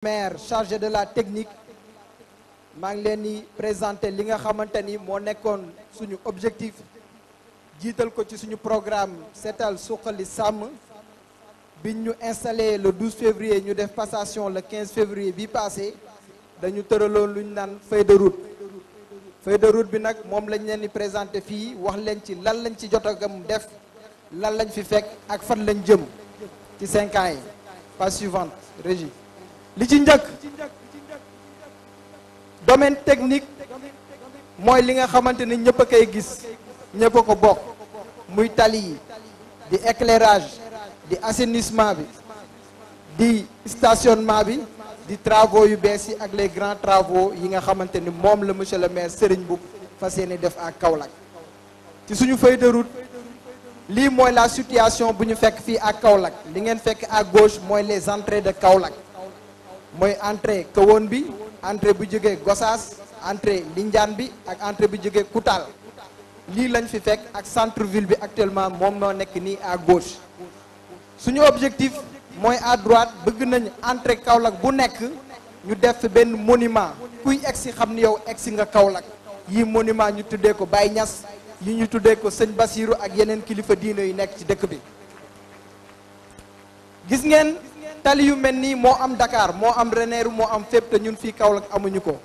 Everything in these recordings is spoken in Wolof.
maire chargé de la technique maa ngi leen di présenter li nga xamante ni moo nekkoon suñu objectif jiital ko ci suñu programme seetal suqali sàmm biñ ñu installé le 12 février ñu def passation le 15 février bi passé dañu tëraloon ñu naan feuille de route feuille route bi nag moom lañ leen di présenter fii wax leen ci lan lañ ci jotagam def lan lañ fi fekk ak fan lañ jëm ci cinq ans yi phase suivante li ci njëkk domaine technique mooy li nga xamante ni ñëpp a kay gis ñëpp a ko bokk muy tali yi di éclairage di assainissement bi di stationnement bi di travaux yu bees yi ak les grands travaux yi nga xamante ni moom la monsieur le maire Serigne Mboup fas yéene def ak Kaolack ci suñu feuille de lii mooy la situation bu ñu fekk fii ak Kaolack li ngeen fekk à gauche mooy les entrées de Kaolack mooy entrée Kahone bi entrée bu jógee Gossas entrée Lindiane bi ak entrée bi jógee Koutal lii lañ fi fekk ak centre ville bi actuellement moom noo nekk nii à gauche suñu objectif mooy à droite bëgg nañ entrée Kaolack bu nekk ñu def benn monument kuy egsi xam ni yow egsi nga Kaolack yii monument ñu tuddee ko Baye ñas yi ñu tuddee ko sëñ Basirou ak yeneen kilifa diine yu nekk ci dëkk bi tali yu mel nii moo am Dakar moo am Ranérou moo am fépp te ñun fii Kaolack amuñu ko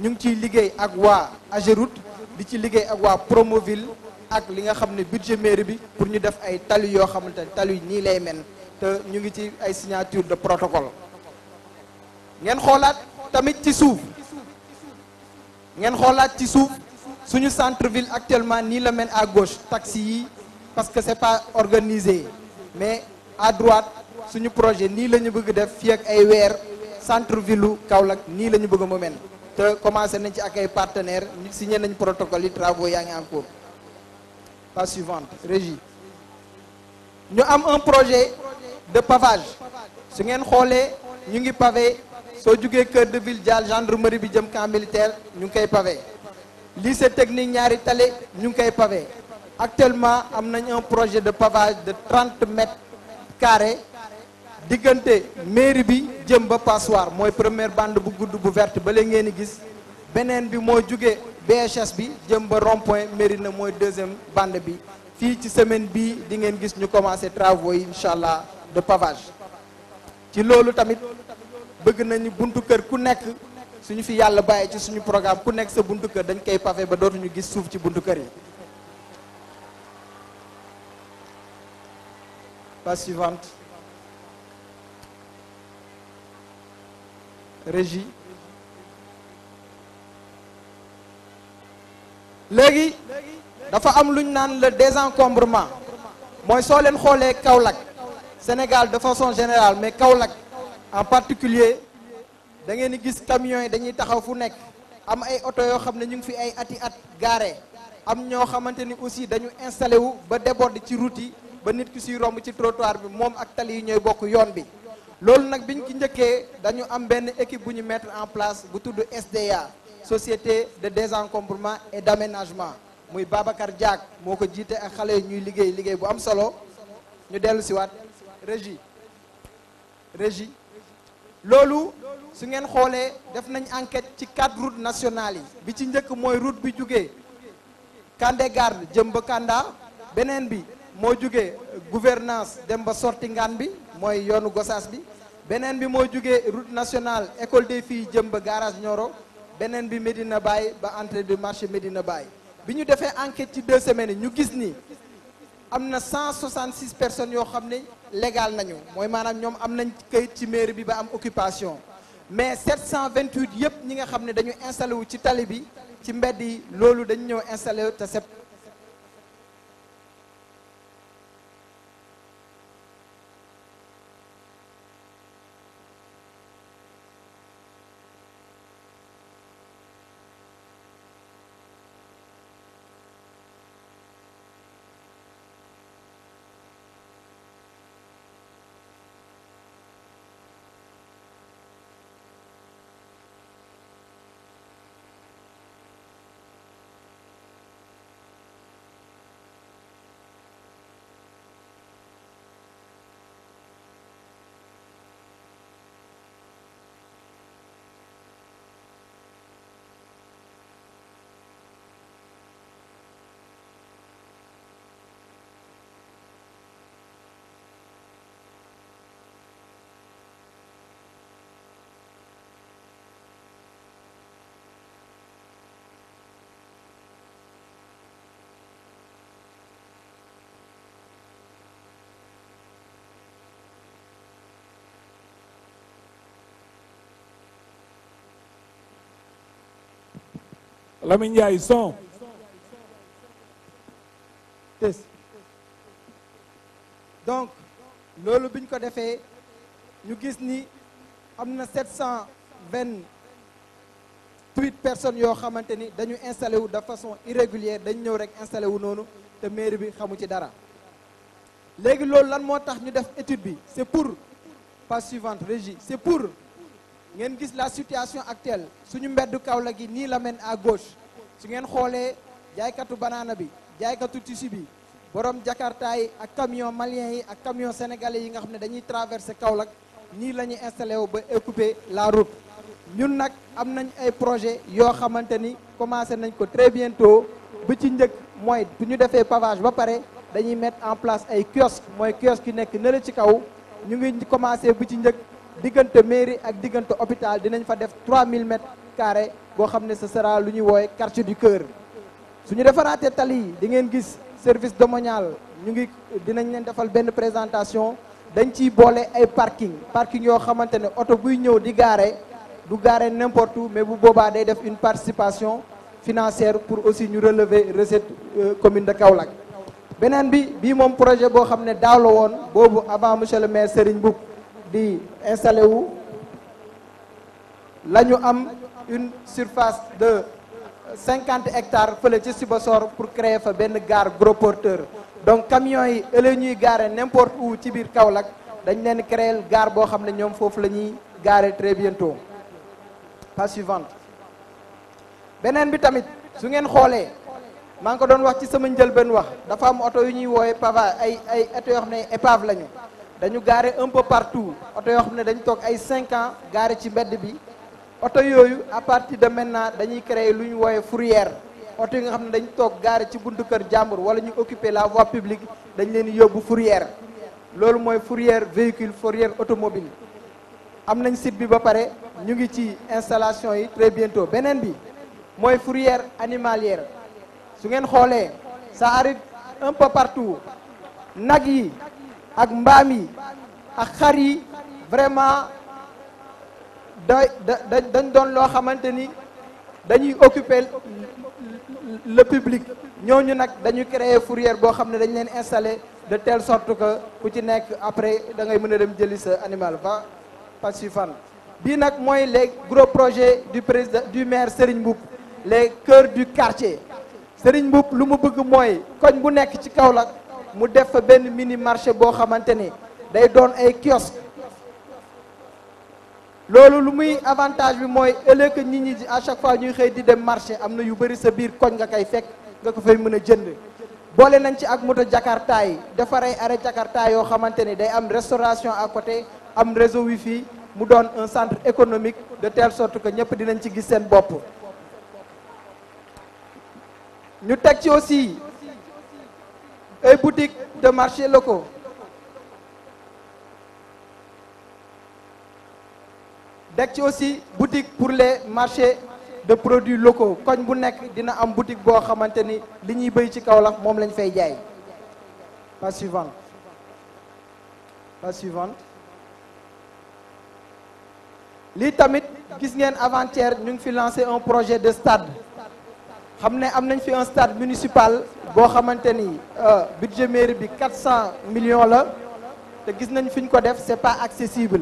ñu ngi ciy liggéey ak waa Ageroute di ci liggéey ak waa Promoville ak li nga xam ne budget mairie bi pour ñu def ay tali yoo xamante ne tali yi nii lay mel te ñu ngi ci ay signature de protocole ngeen xoolaat tamit ci suuf ngeen xoolaat ci suuf suñu centre ville actuellement nii la mel à gauche taxi yi parce que c'est pas organiser mais à droite suñu projet nii la ñu bëgg def fii ak ay weer centre ville Kaolack nii la ñu bëgg mu mel te commencé nañ ci ak ay partenaires si ñeen nañ protocole yi travaux yaa ngi en cours pas suivante régie ñu am un projet de pavage su ngeen xoolee ñu ngi pavé soo jugee cœur de ville gendre gendarmerie bi jëm camp militaire ñu ngi koy pavé lycée technique ñaari tale ñu ngi koy pavé actuellement am nañ un projet de pavage de 30 mètres carrés diggante mairie bi jëm ba passoire mooy première bande bu gudd bu verte ba ngeen gis beneen bi moo jugee BHS bi jëm ba rond point mairie na mooy deuxième band bi fii ci semaine bi di ngeen gis ñu commencé travaux yi incha allah de pavage ci loolu tamit bëgg nañu buntu kër ku nekk suñu fi yàlla bàyyi ci suñu programme ku nekk sa buntu kër dañ koy pavé ba dootuñu gis suuf ci buntu kër yi régie léegi dafa am lu ñu naan le désencombrement mooy soo leen xoolee Kaolack Sénégal de façon générale mais Kaolack en particulier da ngeen di gis camions yi dañuy taxaw fu nekk am ay oto yoo xam ne ñu ngi fi ay ati at gaare am ñoo xamante ni aussi dañu installé wu ba déborde ci route ba nit ki suy romb ci trottoir bi moom ak tali yi ñooy bokk yoon bi loolu nag biñ ci njëkkee dañu am benn équipe bu ñu mettre en place bu tudd SDA société de encombrement et d'aménagement muy Babacar Diak moo ko jiite ak xale yi ñuy liggéey liggéey bu am solo ñu dellu si waat régie loolu su ngeen xoolee def nañ enquête ci quatre route nationales yi bi ci njëkk mooy route bi jugee Kandé Garde jëm ba Kanda beneen bi moo jugee gouvernance dem ba sorti ngaan bi mooy yoonu Gossas bi beneen bi moo jugee route nationale école des filles jëm ba garage Nioro beneen bi Medina Baye ba entrée de marché Medina Baye bi ñu defee enquête ci deux semaines ñu gis ni am na 166 personnes yoo xam ne légal nañu mooy maanaam ñoom am nañ kayit ci mairie bi ba am occupation mais 728 yëpp ñi nga xam ne dañu installé wu ci tali bi ci mbedd yi loolu dañu ñëw installé te Lamine Ndiaye son donc loolu biñ ko defee ñu gis ni am na sept cent vingt huit personnes yoo xamante ni dañu installé wu de façon irrégulière dañu ñëw rek installé wu noonu te mairie bi xamu ci dara léegi loolu lan moo tax ñu def étude bi c'est pour page suivante régie c'est pour ngeen gis la situation actuelle suñu mbeddu Kaolack gi nii la mel à gauche su ngeen xoolee jaaykatu banaana bi jaaykatu tissu bi borom jakarta yi ak camion malien yi ak camion sénégalais yi nga xam ne dañuy traversé Kaolack nii la ñuy installé wu ba occuper la route ñun nag am nañ ay projet yoo xamante ni commencé nañ ko très bientôt bu ci njëkk mooy bu ñu defee pavage ba pare dañuy mettre en place ay kiosque mooy kiosque yu nekk nële ci kaw ñu ngi commencé bu ci njëkk diggante mairie ak diggante hôpital dinañ fa def 3000 mètres carrés boo xam ne ce sera lu ñuy woowe quartier du cœur ñu defaraate tali yi di ngeen gis service de domanial ñu ngi dinañ leen defal benn présentation dañ ciy boole ay parking parking yoo xamante ne oto buy ñëw di gaare du gaare n'importe où mais bu boobaa day def une participation financière pour aussi ñu relever recette euh, commune de Kaolack beneen bi bii moom projet boo xam ne daaw la woon boobu avant monsieur le maire Serigne Mboup di installé wu am une surface de euh, cinquante hectares fële ci Sibassor pour créer fa benn gaar gros porteur donc camions yi ëllëg ñuy garer n'importe où ci biir Kaolack dañ leen créer gaar boo xam ne ñoom foofu la ñuy garer très bientôt phase suivante beneen bi tamit su ngeen xoolee maa ngi ko doon wax ci sama njëlbeen wax dafa am oto yu ñuy woowee pava ay ay oto yoo xam ne épave lañu dañu garer un peu partout oto yoo xam ne dañu toog ay cinq ans garer ci mbedd bi oto yooyu à partir de maintenant dañuy créer lu ñu woowe fourrière oto yi nga xam ne dañ toog gaare ci buntu kër jàmbur wala ñu occuper la voie publique dañ leen yóbbu fourrière loolu mooy fourrière véhicule fourrière automobile am nañ site bi ba pare ñu ngi ci installation yi très bientôt beneen bi mooy fourrière animalière su ngeen xoolee ça arrive un peu partout nag yi ak mbaam yi ak xar yi da da dañ doon loo xamante ni dañuy occuper le public ñooñu nag dañu créer fourière boo xam ne dañu leen installer de telle sorte que ku ci nekk après da ngay mën a dem jëli sa animal va pas suivant bii nag mooy les gros projets du président du maire Serigne Mboup les cœurs du quartier Serigne Mboup lu mu bëgg mooy koñ bu nekk ci Kaolack mu def fa benn mini marché boo xamante ni day doon ay kiosque loolu lu muy avantage bi mooy ëllëg nit ñi à chaque fois ñuy xëy di dem marché am na yu bëri sa biir koñ nga koy fekk nga ko fay mën a jënd boole nañ ci ak moto jakarta yi defaray arrêt jakarta yoo xamante ni day am restauration à côté am réseau fii mu doon un centre économique de telle sorte que ñëpp dinañ ci gis seen bopp ñu teg ci aussi ay boutiques de marché locaux teg ci aussi boutique pour les marchés de produits locaux koñ bu nekk dina am boutique boo xamante ni li ñuy béy ci Kaolack moom lañ fay jaay pas suivante pas lii tamit gis ngeen avant ñu ngi fi lancé un projet de stade xam ne am nañ fi un stade municipal boo xamante ni euh, budget mairie bi 400 millions la te gis nañu fi ñu ko def c'est pas accessible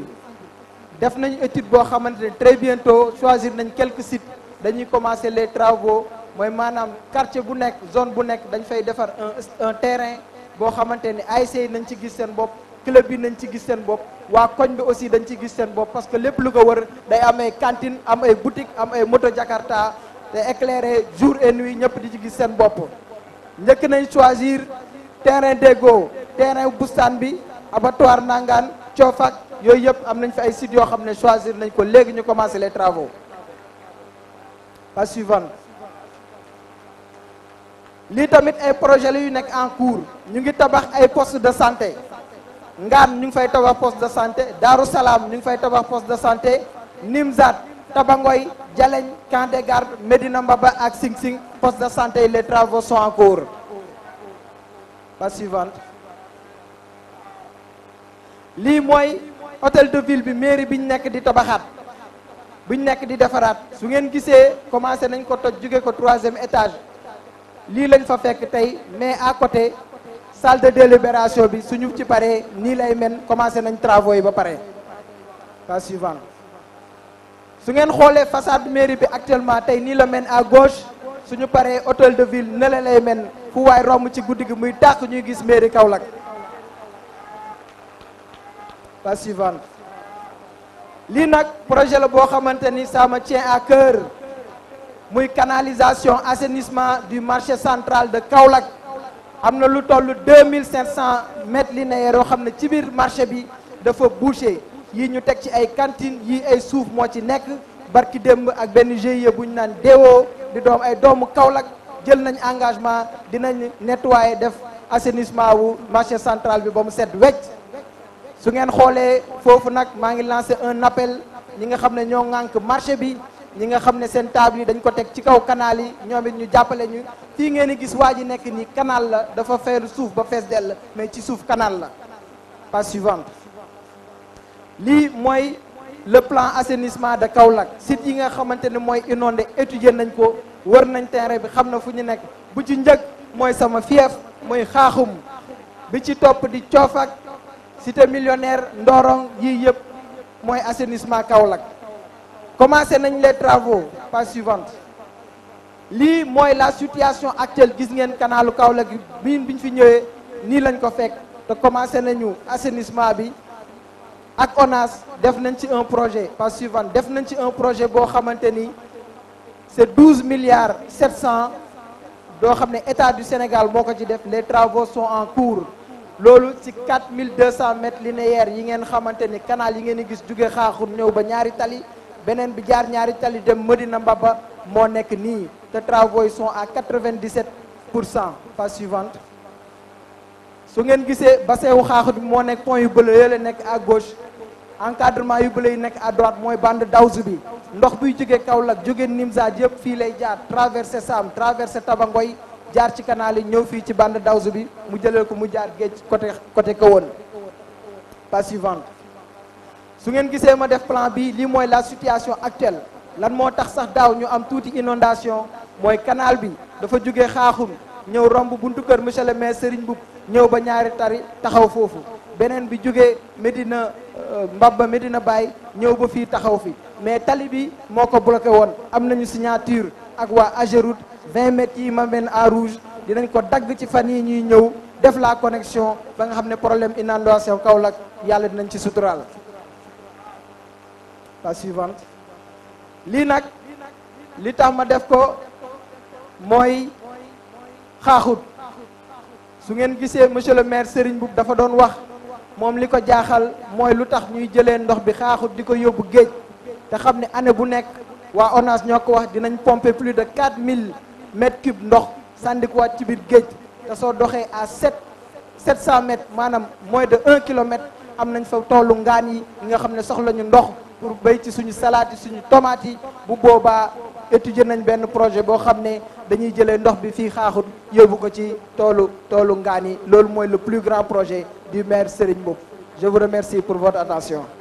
def nañu étude boo xamante ne très bientôt choisir nañ quelques sites dañuy commencer les travaux mooy maanaam quartier bu nekk zone bu nekk dañ fay defar un un terrain boo xamante ne ASC yi nañ ci gis seen bopp club bi nañ ci gis seen bopp waa koñ bi aussi dañ ci gis seen bopp parce que lépp lu ko wër day am ay cantine am ay boutique am ay moto Jakarta te éclairé jour et nuit ñëpp di ci gis seen bopp njëkk nañ choisir terrain Déggo terrain bustaan bi abattoir nangaan coofak yooyu yëpp am nañ fi ay sites yoo xam ne choisir nañ ko léegi ñu commencer les travaux pas suivant lii tamit ay projet la yu nekk en cours ñu ngi tabax ay post de santé Ngam ñu ngi fay tabax poste de santé Darou Salaam ñu ngi fay tabax poste de santé Nimzat Tabangoy Jaleñ Camp des Gardes Medina Mbaba ak Sing Sing de santé les travaux sont en cours pas suivante lii mooy hôtel de ville bi mairie biñ nekk di tabaxaat buñ nekk di defaraat su ngeen gisee commencé nañ ko toj jóge ko troisième étage lii lañ fa fekk tey mais à côté salle de délibération bi suñu ci paree nii lay mel commencé nañ travaux yi ba pare pas suivant su ngeen xoolee façade mairie bi actuellement tey nii la mel à gauche suñu paree hôtel de ville ne lay mel fu waay romb ci guddi gi muy tàq ñuy gis mairie Kaolack la suivante lii nag projet la boo xamante ni ça me à cœur muy canalisation assainissement du marché centrale de Kaolack am na lu toll 2500 mètres linéaires yoo xam ne ci biir marché bi dafa bouché yii ñu teg ci ay cantines yi ay suuf moo ci nekk barki démb ak benn GIE bu ñu naan deewoo di doom ay doomu Kaolack jël nañ engagement dinañ nettoyer def assainissement wu marché central bi ba mu set wecc su ngeen xoolee foofu nag maa ngi lancé un appel ñi nga xam ne ñoo ŋànk marché bi ñi nga xam ne seen table yi dañ ko teg ci kaw kanaal yi ñoom it ñu jàppale ñu fii ngeen di gis waa ji nekk ni kanaal la dafa feeru suuf ba fees dell mais ci suuf canal la page suivante lii mooy le plan assainissement de Kaolack sit yi nga xamante ne mooy inondé étudier nañ ko wër nañ terrain bi xam na fu ñu nekk bu ci njëkk mooy sama fief mooy xaaxum bi ci topp di coofak cité millionnaire Ndorong yii yëpp mooy assainissement Kaolack commencé nañ les travaux pas suivante lii mooy la situation actuelle gis ngeen kanaalu kanalu Kaolack biin biñ fi ñëwee nii lañ ko fekk te commencé nañu assainissement bi ak ONAS def nañ ci un projet pas suivante def nañ ci un projet boo xamante ni c'est douze milliards sept cent doo xam ne état du Sénégal moo ko ci def les travaux sont en cours loolu ci 4200 mètres linéaires yi ngeen xamante ni kanaal yi ngeen di gis jóge xaaxur ñëw ba ñaari tali beneen bi jaar ñaari tali dem Medina Mbaba moo nekk nii te travaux yi sont à 97 pour cent phase suivante su ngeen gisee bassin wu xaaxut bi moo nekk pont yu bële yële nekk à gauche encadrement yu bële yi nekk à droite mooy bande dawsu bi ndox buy jóge Kaolack jóge Nimza yëpp fii lay jaar traversé Sam traversé Tabangoy jaar ci canal ñëw fii ci bande dawsu bi mu jëlee ko mu jaar géej côté côté kawoon pas suivante su ngeen gisee ma def plan bi lii mooy la situation actuelle lan moo tax sax daaw ñu am tuuti inondation mooy kanaal bi dafa jóge xaaxum ñëw romb buntu kër monsieur le maire Serigne Mboup ñëw ba ñaari tari taxaw foofu beneen bi jóge Medina euh, Mbabba Medina Baye ñëw ba fii taxaw fi mais tali bi moo ko bloqué woon am nañu signature ak waa Ageroute vingt mètres yi ma mel en rouge dinañ ko dagg ci fan yi ñuy ñëw def la connexion ba nga xam ne problème inondation Kaolack yàlla dinañ ci suturaal lii nag li tax ma def ko mooy xaaxut su ngeen gisee mosieur le maire Serigne Boub dafa doon wax moom li ko jaaxal mooy lu tax ñuy jëlee ndox bi xaaxut di ko yóbbu géej te xam ne année bu nekk waa ONAS ñoo ko wax dinañ pomper plus de 4000 mètre cube ndox sàndikuwaat ci biir géej te soo doxee à sept sept cent maanaam moins de un kilomètre am nañ fa toolu ngaan yi nga xam ne soxla ñu ndox pour béy ci suñu salaat yi suñu tomate yi bu boobaa étudier nañ benn projet boo xam ne dañuy jëlee ndox bi fii xaaxut yóbbu ko ci toolu toolu ngaan yi loolu mooy le plus grand projet du maire Serigne Mboup je vous remercie pour votre attention